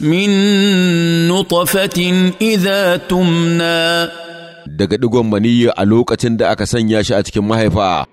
min nutfatin idza tumna daga digon maniyyi a lokacin da aka sanya shi a cikin mahaifa